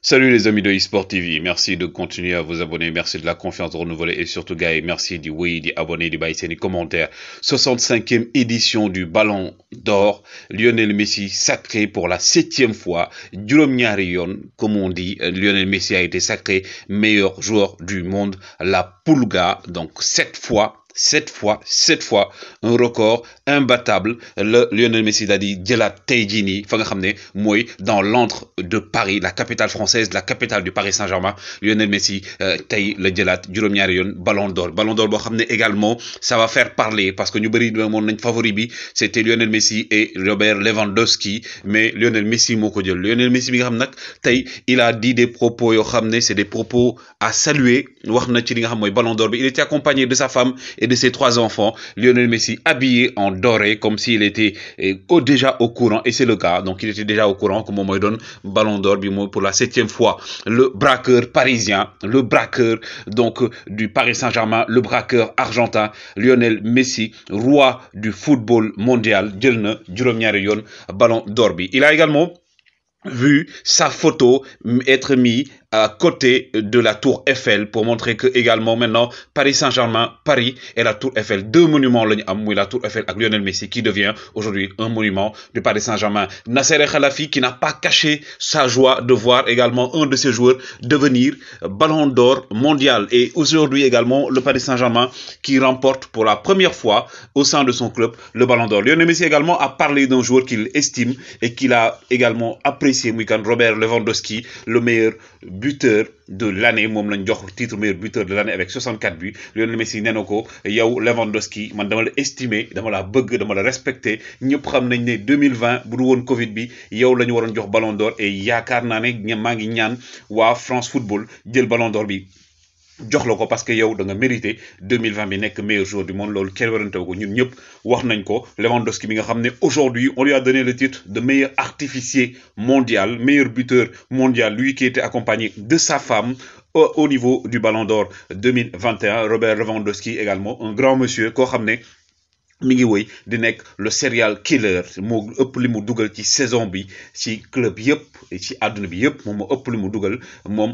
Salut les amis de eSport TV, merci de continuer à vous abonner, merci de la confiance renouvelée et surtout gars, merci du oui, du abonné, du baisser, des commentaires. 65e édition du Ballon d'Or, Lionel Messi sacré pour la septième fois, comme on dit, Lionel Messi a été sacré meilleur joueur du monde, la Pulga, donc 7 fois cette fois cette fois un record imbattable le Lionel Messi d'Adi Djalat de la dans l'antre de Paris la capitale française la capitale du Paris Saint-Germain Lionel Messi euh, Tay le Djalat, juróom Ballon d'Or Ballon d'Or boo également ça va faire parler parce que nous, bëri favori c'était Lionel Messi et Robert Lewandowski mais Lionel Messi Moko ko Lionel Messi il a dit des propos c'est des propos à saluer Ballon d'Or il était accompagné de sa femme et de ses trois enfants, Lionel Messi habillé en doré comme s'il était euh, déjà au courant et c'est le cas. Donc il était déjà au courant comme Momoy donne Ballon d'Or pour la septième fois. Le braqueur parisien, le braqueur donc euh, du Paris Saint-Germain, le braqueur argentin, Lionel Messi, roi du football mondial, Ballon d'Or. Il a également vu sa photo être mise à côté de la tour Eiffel pour montrer que également maintenant Paris Saint-Germain, Paris et la tour Eiffel, deux monuments la tour Eiffel avec Lionel Messi qui devient aujourd'hui un monument de Paris Saint-Germain. Nasser Khalafi qui n'a pas caché sa joie de voir également un de ses joueurs devenir Ballon d'Or mondial et aujourd'hui également le Paris Saint-Germain qui remporte pour la première fois au sein de son club le Ballon d'Or. Lionel Messi également a parlé d'un joueur qu'il estime et qu'il a également apprécié, Mouikan Robert Lewandowski, le meilleur buteur de l'année mom lañ jox titre meilleur buteur de l'année avec 64 buts Lionel Messi nénoko yow Lewandowski man dama la estimé dama la bëgg dama la respecté ñëpp xam nañ né 2020 bu du Covid bi yow lañ waron jox ballon d'or et yaakaar naa ne ma ngi ñaan wa France Football jël ballon d'or bi jox la parce que yow da nga mérité 2020 bi nekk meilleur joueur du monde loolu kenn warantew ko ñun ñëpp wax nañ ko Lewandowski bi nga aujourd'hui on lui a donné le titre de meilleur artificier mondial meilleur buteur mondial lui qui était accompagné de sa femme euh, au niveau du Ballon d'Or 2021 Robert Lewandowski également un grand monsieur koo xam mi ngi le serial killer qui ëpp li mu dugal ci saison bi ci club yëpp ci àdduna bi yëpp moom mo ëpp li mu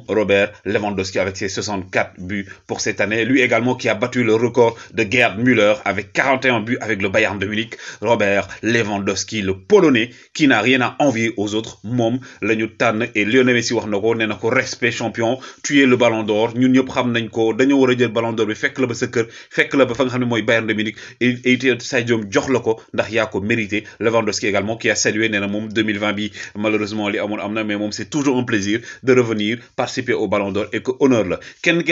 Robert Lewandowski avec ses 64 buts pour cette année lui également qui a battu le record de Gerd Müller avec 41 buts avec le Bayern de Munich Robert Lewandowski le polonais qui n'a rien à envier aux autres moom lañu qui et Lionel Messi wax respect champion tu le ballon d'or ñun ñëpp xam nañ ko dañoo jël ballon d'or bi fekk la ba sa kër fekk la ba fa nga Bayern de Munich et Sadio Diom jox lako ndax mérité Lewandowski également qui a salué néna 2020 bi malheureusement c'est toujours un plaisir de revenir participer au Ballon d'Or et que honneur la kenn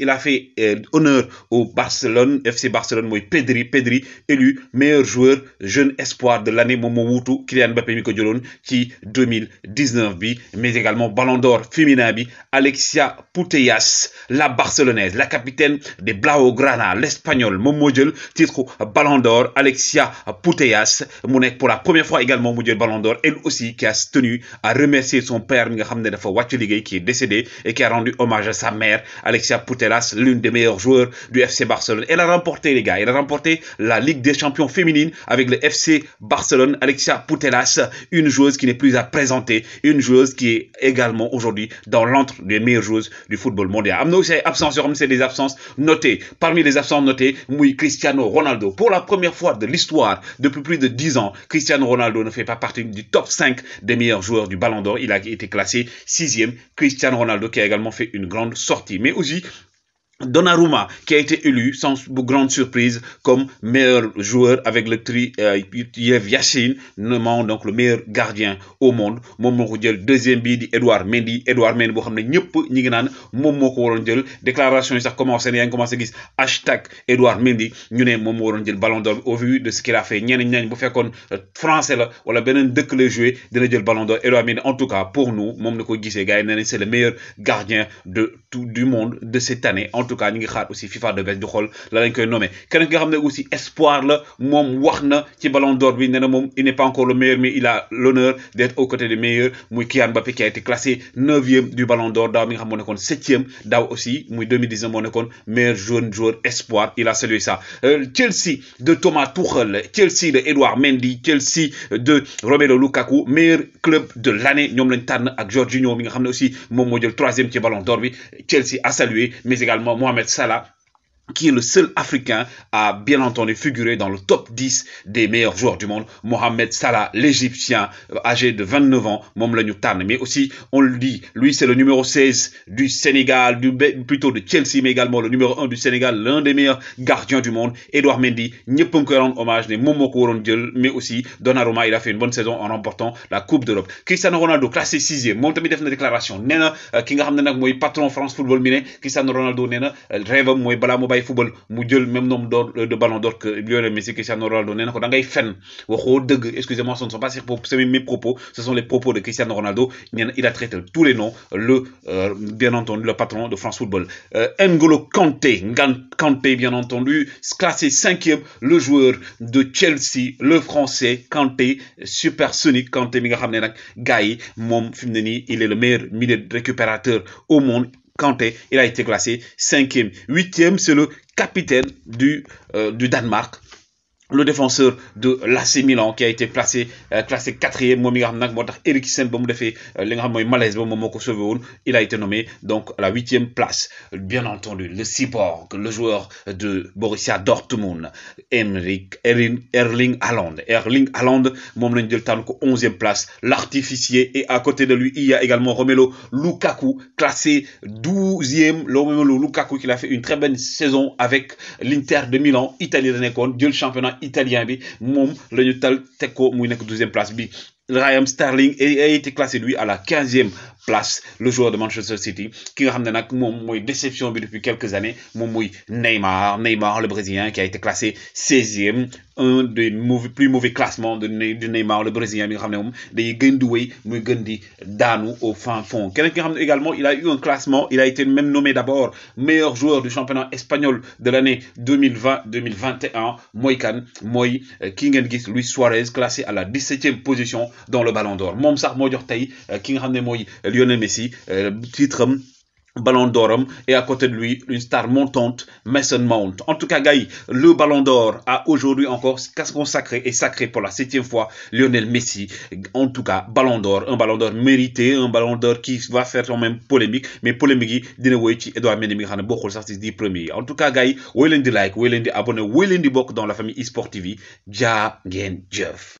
il a fait euh, honneur au Barcelone FC Barcelone moy Pedri Pedri élu meilleur joueur jeune espoir de l'année Momomoutou Kylian Mbappé mi 2019 bi mais également Ballon d'Or féminin bi Alexia Putellas la Barcelonaise la capitaine des Blaugrana l'espagnol l'espagnol mon titre Ballon d'Or Alexia Putellas Mounek pour la première fois également Moudjel Ballon d'Or elle aussi qui a tenu à remercier son père qui est décédé et qui a rendu hommage à sa mère Alexia Putellas l'une des meilleures joueurs du FC Barcelone elle a remporté les gars elle a remporté la Ligue des champions féminines avec le FC Barcelone Alexia Putellas une joueuse qui n'est plus à présenter une joueuse qui est également aujourd'hui dans l'entre des meilleures joueuses du football mondial Amnous, c'est absence c'est des absences notées parmi les absences notées Moui Cristiano Ronaldo pour la première première fois de l'histoire, depuis plus de 10 ans, Cristiano Ronaldo ne fait pas partie du top 5 des meilleurs joueurs du Ballon d'Or. Il a été classé sixième. Cristiano Ronaldo qui a également fait une grande sortie. Mais aussi Donnarumma, qui a été élu sans grande surprise comme meilleur joueur avec le tri euh, Yev Yashin, nommant donc le meilleur gardien au monde. moom moo deuxième bii di Edouard Mendy Edouard Mendy boo xam ne ñëpp ñi ngi naan moom moo ko jël déclaration ça commencé na yaa commencé gis hashtag Edouard Mendy ñu jël ballon d'or au vu de ce qu'il a fait ñeneen ñañ bu fekkoon euh, français la wala beneen que le jouer dina jël ballon d'or Edouard Mendy en tout cas pour nous moom na gars yi c'est le meilleur gardien de tout du monde de cette année tout cas ñu ngi xaar aussi FIFA de best di xol la lañ koy nommé keneen ki nga xam aussi espoir la moom wax na ci ballon d'or bi nee il n'est pas encore le meilleur mais il a l'honneur d'être aux côtés des meilleurs muy Kylian Mbappé qui a été classé neuvième du ballon d'or daaw mi nga xam moo nekkoon septième daaw aussi muy 2019 moo nekkoon meilleur jeune joueur espoir il a salué ça euh, Chelsea de Thomas Tuchel Chelsea de Edouard Mendy Chelsea de Romelu Lukaku meilleur club de l'année ñoom lañ tànn ak Jorginho mi nga xam aussi moom moo jël troisième ci ballon d'or bi Chelsea a salué mais également Mohamed Salah qui est le seul Africain à bien entendu figurer dans le top 10 des meilleurs joueurs du monde, Mohamed Salah, l'Égyptien, euh, âgé de 29 ans, Mom Mais aussi, on le dit, lui c'est le numéro 16 du Sénégal, du, plutôt de Chelsea, mais également le numéro 1 du Sénégal, l'un des meilleurs gardiens du monde, Edouard Mendy, rend hommage, des Momoko mais aussi Donnarumma, il a fait une bonne saison en remportant la Coupe d'Europe. Cristiano Ronaldo, classé 6e, déclaration, néna euh, ki nga patron France Football Cristiano Ronaldo euh, rêve football mu même nom euh, de ballon d'or que Lionel Messi Cristiano Ronaldo nee ko da fenn excusez-moi ce ne sont pas mes propos ce sont les propos de Cristiano Ronaldo il a traité tous les noms le euh, bien entendu le patron de France Football euh, N'Golo Kanté Ngan Kanté bien entendu classé cinquième le joueur de Chelsea le français Kanté supersonique Kanté mi nga xamné nak gars il est le meilleur milieu récupérateur au monde il a été classé cinquième. Huitième, c'est le capitaine du, euh, du Danemark, le défenseur de l'AC Milan qui a été placé euh, classé quatrième e il a été nommé donc à la huitième place bien entendu le cyborg le joueur de Borussia Dortmund Emric Erling Haaland Erling Haaland mom lañ onzième place l'artificier et à côté de lui il y a également Romelo Lukaku classé douzième Romelu Lukaku qui a fait une très bonne saison avec l'Inter de Milan Italie Nekon, Dieu le championnat italien bi mom le tal teko ko place bi Raheem Sterling a été classé lui à la quinzième place le joueur de Manchester City qui a été mon déception depuis quelques années mon Neymar Neymar le Brésilien qui a été classé 16e un des plus mauvais classements de Neymar le brésilien le de Gendoué, au fin fond Quelqu'un également il a eu un classement il a été même nommé d'abord meilleur joueur du championnat espagnol de l'année 2020 2021 Moïkan, Moï, King Luis Suarez classé à la 17e position dans le Ballon d'Or Mon sax King Ramne Moï Lionel Messi euh, titre Ballon d'or et à côté de lui une star montante Mason Mount. En tout cas, Gaï, le Ballon d'or a aujourd'hui encore consacré et sacré pour la septième fois Lionel Messi. En tout cas, Ballon d'or, un Ballon d'or mérité, un Ballon d'or qui va faire quand même polémique, mais polémique d'une woy ci Edouard Mendy nga xam ne En tout cas, Gaï, woy like, woy vous di willing dans la famille eSport TV. J'aime Jeff.